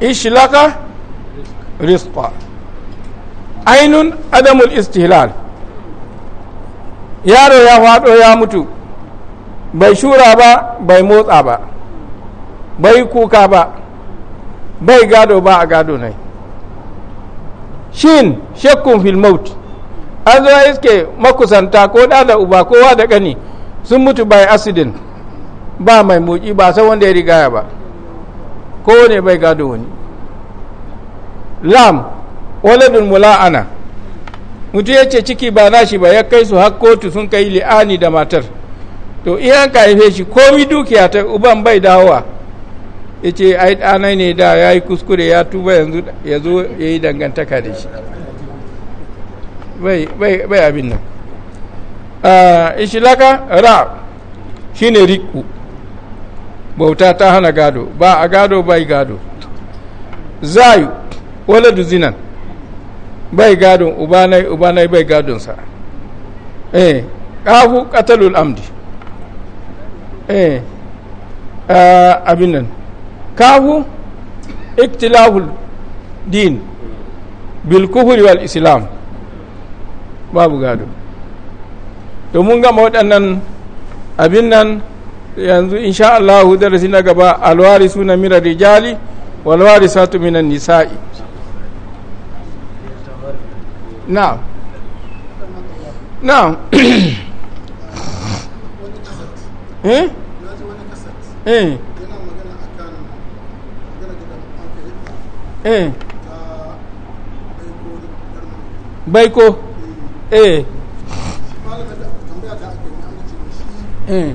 ishlaka rizqa ainun adamul istihlal yaro ya faɗo ya mutu bai shura ba bai motsa ba bai kuka ba bai gado ba a gado ne shin shakkun fil maut an zo iske makusanta ko da uba kowa da ƙani sun mutu bai asidin ba mai moki ba sai wanda ya rigaya ba Ko ne bai gado wani lam waladun mula'ana mutu ya ce ciki ba shi ba ya kai su har kotu sun kai li'ani da matar to iyan ka haife shi komi dukiya ta uban bai dawowa ya ce ai ɗanai ne da ya yi kuskure ya tuba yanzu ya zo ya yi dangantaka da shi bai abin nan ah, ishilaka ra shine riku bauta ta hana gado ba a gado bai gado zayu wala zinan bai gado ubanai ubanai bai gadonsa eh kafu qatalul amdi eh abin nan kafu iktilahul din bil kufri wal islam babu gado mun gama waɗannan abin nan yanzu insha Allah darasi na gaba alwari suna mira rijali satu minan nisa'i na na eh eh eh baiko eh eh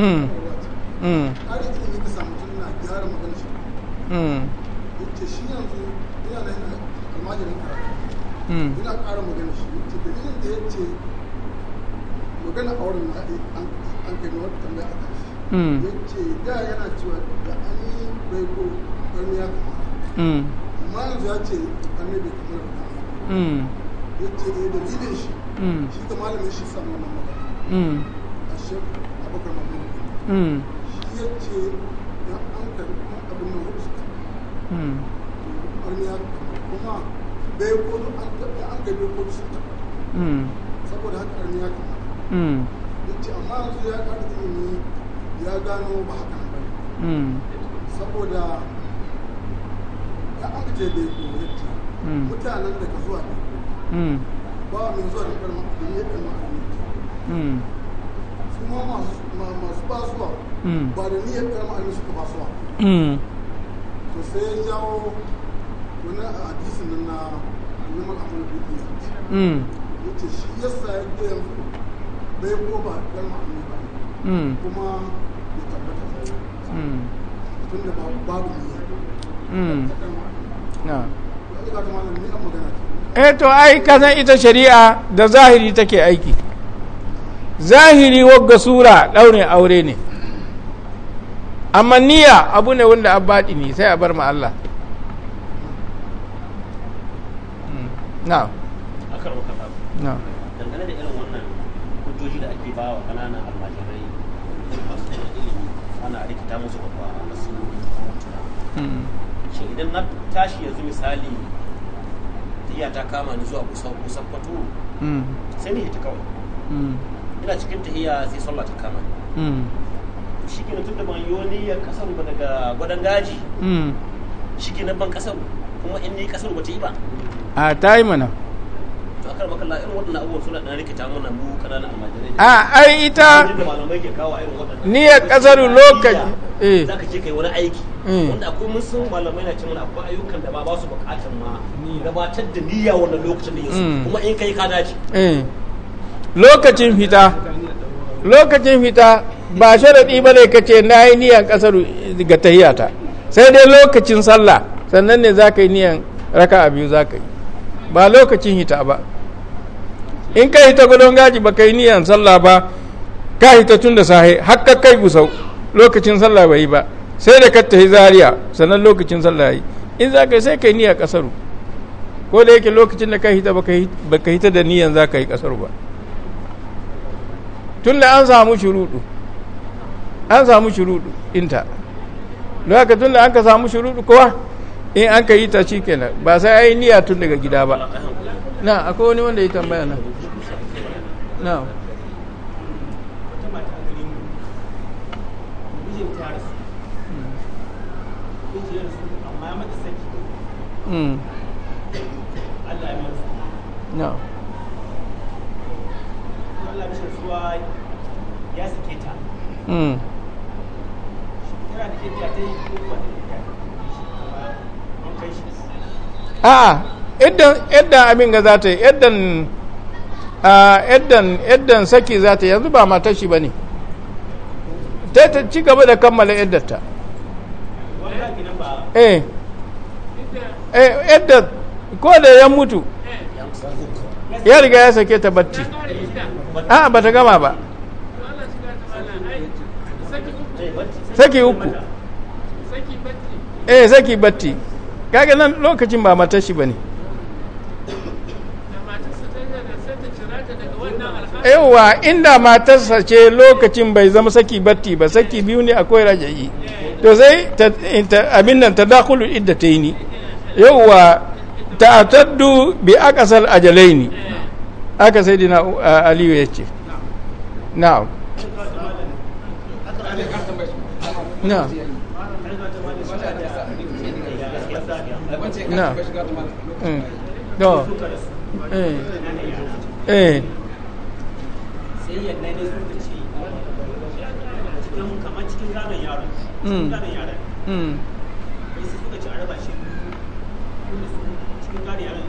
magana a wurin an kai wata tambaya a kan ya ce da yana cewa da an yi bai ko ƙarni ya kama amma yanzu ya ce ƙarni bai kamar da ya ce da dalilin shi shi da malamin shi samu wannan magana mm. a shekaru abokan mamman mm. mm. saboda haka ƙarni ya ba haka ba saboda ya da ya ce da ka zuwa da ba ya ƙarni kuma masu basuwa ba da niyyar a suka basuwa to ya jawo wani nan na amur ya shi ya yanzu bai ko ba a ba kuma ya tabbata sai tun da babu Eh to ai kazan ita shari'a da zahiri take aiki. zahiri wagga sura ɗaurin aure ne amma niyya abu ne wanda an baɗi ne sai a bar ma Allah na na dangane da irin wannan hujjoji da ake ba wa ƙananan almajirai ana rikita musu a hmm. shi idan na tashi yanzu misali iya ta kama ni zuwa kwato hmm. sai ne ta kawai hmm. ina cikin ta tahiyya sai sallah ta kama hmm. shi ke tun da ban yi wani ya kasar ba daga gwadon gaji hmm. shi ke ban kasar kuma in ni kasar ba ta yi ba a ta yi mana to akar makalla irin waɗannan abubuwan suna ɗan rikita mana mu ƙananan almajirai a ai ita ni ya kasaru lokaci eh. za ka je kai wani aiki hmm. wanda akwai mun san malamai na cewa akwai ayyukan da ba ba su buƙatar ma gabatar da niyya wannan lokacin da yasu kuma in kai ka dace eh. lokacin fita lokacin fita ba sharaɗi ba ne ka ce na yi niyan ƙasar ga tahiyata sai dai lokacin sallah sannan ne za ka yi niyan raka a biyu za ka yi ba lokacin hita ba in ka hita gudun gaji ba ka yi niyan sallah ba ka hita tun da sahi har ka kai gusau lokacin sallah bai yi ba sai da ka tahi zariya sannan lokacin sallah yi in za ka yi sai ka yi niyan ƙasaru ko da yake lokacin da ka hita ba ka hita da niyan za ka yi ƙasaru ba tun da an samu shuruɗu an samu shuruɗu inta lokacin haka tun da an ka samu shuruɗu kowa in an ka yi ta shi kenan ba sai a yi niyya tun daga gida ba na akwai wani wanda ya tambaya na na hmm. hmm. No. Allah mishi ya ta tana hmm. da ta yi a'a idan abin ga za ta yi idan saki za ta yanzu ba matashi shi ne ta ta ci gaba da kammala iddata eh eh iddat ko da ya mutu eh. ya riga ya sake ta batti a ba ta gama ba saki uku eh saki batti kage nan lokacin ba matar shi bane yawa inda matarsa ce lokacin bai zama saki batti ba saki biyu ne akwai rajayi to sai abin nan ta dakulu idda ta yi ni yawa ta bi akasar ajalaini aka sai dina uh, aliyu ya ce Na. Na. Na. na'am eh cikin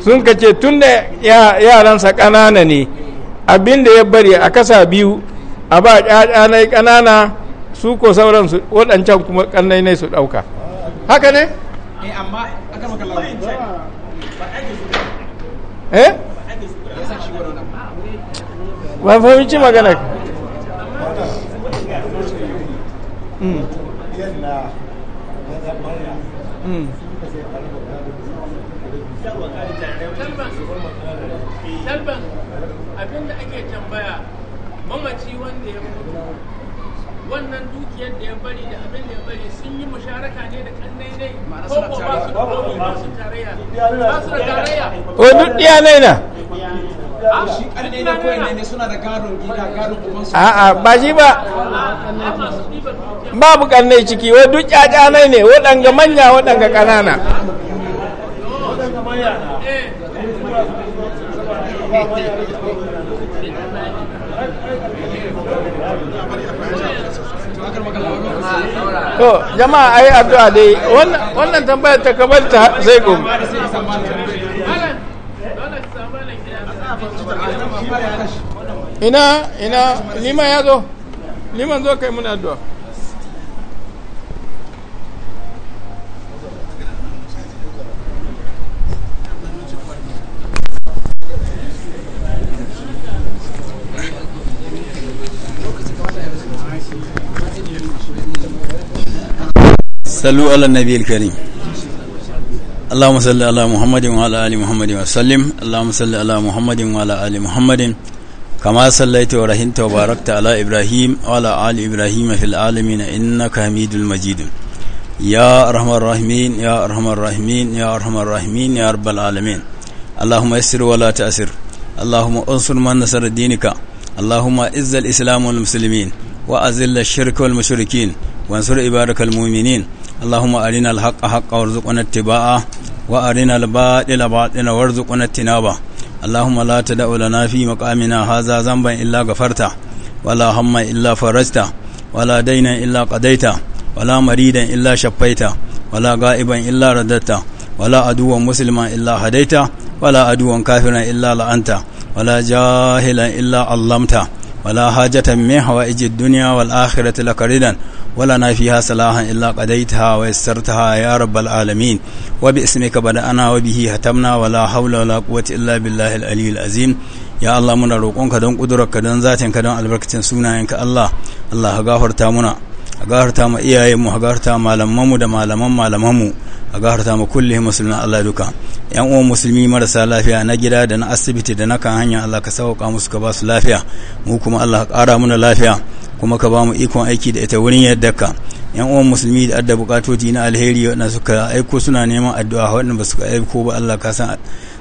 sun ka ce tun da yaransa ƙanana ne abin da ya bari a kasa biyu a ba ƙyaƙyanai ƙanana su ko sauran waɗancan kuma ƙannai ne su ɗauka haka ne? Eh, ba eh? fahimci magana Mm. Hmm. salban abinda ake tambaya mamaci wanda ya mutu wannan dukiyar da ya bari da abin da ya bari sun yi musharaka ne da kan daidai ko ko ba su ba su tarayya ba su da tarayya o duk diya ne na shi karne da koyi ne suna da garin gida garin uban su a'a ba shi ba babu karne ciki wai duk ƴaƴa ne waɗanga manya waɗanga ƙanana to jama'a ai addu'a dai wannan tambaya ta kabar ta sai gobe ina ina liman yazo liman zo kai mun addu'a sallu ala nabi al-karim kama sallaita wa rahinta wa barakta ala Ibrahim wa ta'sir Allahumma ansur dinika Allahumma izzal islam wal muslimin wa azil ash-shirka اللهم أرنا الحق حقا وارزقنا اتباعه وأرنا الباطل باطلا وارزقنا اجتنابه اللهم لا تدع لنا في مقامنا هذا ذنبا إلا غفرته ولا هم إلا فرجته ولا دينا إلا قضيته ولا مريدا إلا شفيته ولا غائبا إلا رددته ولا عدوا مسلما إلا هديته ولا عدوا كافرا إلا لأنته ولا جاهلا إلا علمته ولا حاجة من حوائج الدنيا والآخرة لك ردا ولنا فيها صلاحا إلا قديتها ويسرتها يا رب العالمين وباسمك بدأنا وبه هتمنا ولا حول ولا قوة إلا بالله العلي العظيم ya Allah muna roƙonka don ƙudurarka don ka don albarkacin sunayenka Allah Allah ka gafarta muna a gafarta ma iyayenmu a gafarta malamanmu da malaman malamanmu a gafarta ma kulli musulmin Allah duka yan uwan musulmi marasa lafiya na gida da na asibiti da na kan hanya Allah ka sauka musu ka ba su lafiya mu kuma Allah ka ƙara muna lafiya kuma ka ba mu ikon aiki da ita wurin yadda ka yan uwan musulmi da adda bukatoci na alheri waɗanda suka aiko suna neman addu'a waɗanda ba suka aiko ba Allah ka san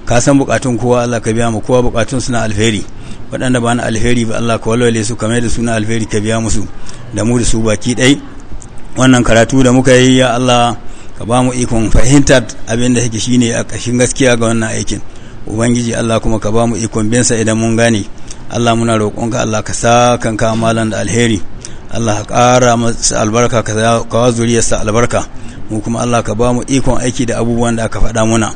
ka san bukatun kowa Allah ka biya mu kowa bukatun suna alheri waɗanda ba na alheri ba Allah ka walwale su kamar da suna alheri ka biya musu da mu da su baki dai wannan karatu da muka yi ya Allah ka ba mu ikon fahimtar abin da yake shine a ƙashin gaskiya ga wannan aikin ubangiji Allah kuma ka ba mu ikon binsa idan mun gane Allah muna roƙonka Allah ka sa kanka malam da alheri Allah ka ƙara masa albarka ka kawo zuriyarsa albarka mu kuma Allah ka ba mu ikon aiki da abubuwan da aka faɗa muna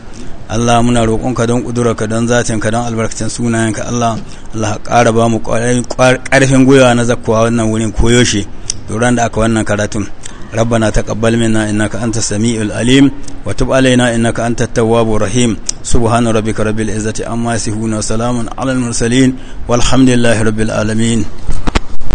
Allah muna roƙonka don ƙudurarka don ka don albarkacin sunayenka Allah Allah ƙara ba mu ƙarfin gwiwa na zakkuwa wannan wurin koyoshe duran da aka wannan karatun ربنا تقبل منا انك انت samiul alim wa tub alaina innaka antat tawwabur rahim subhana rabbika rabbil izzati amma yasifun na salamun alal mursalin walhamdulillahi rabbil alamin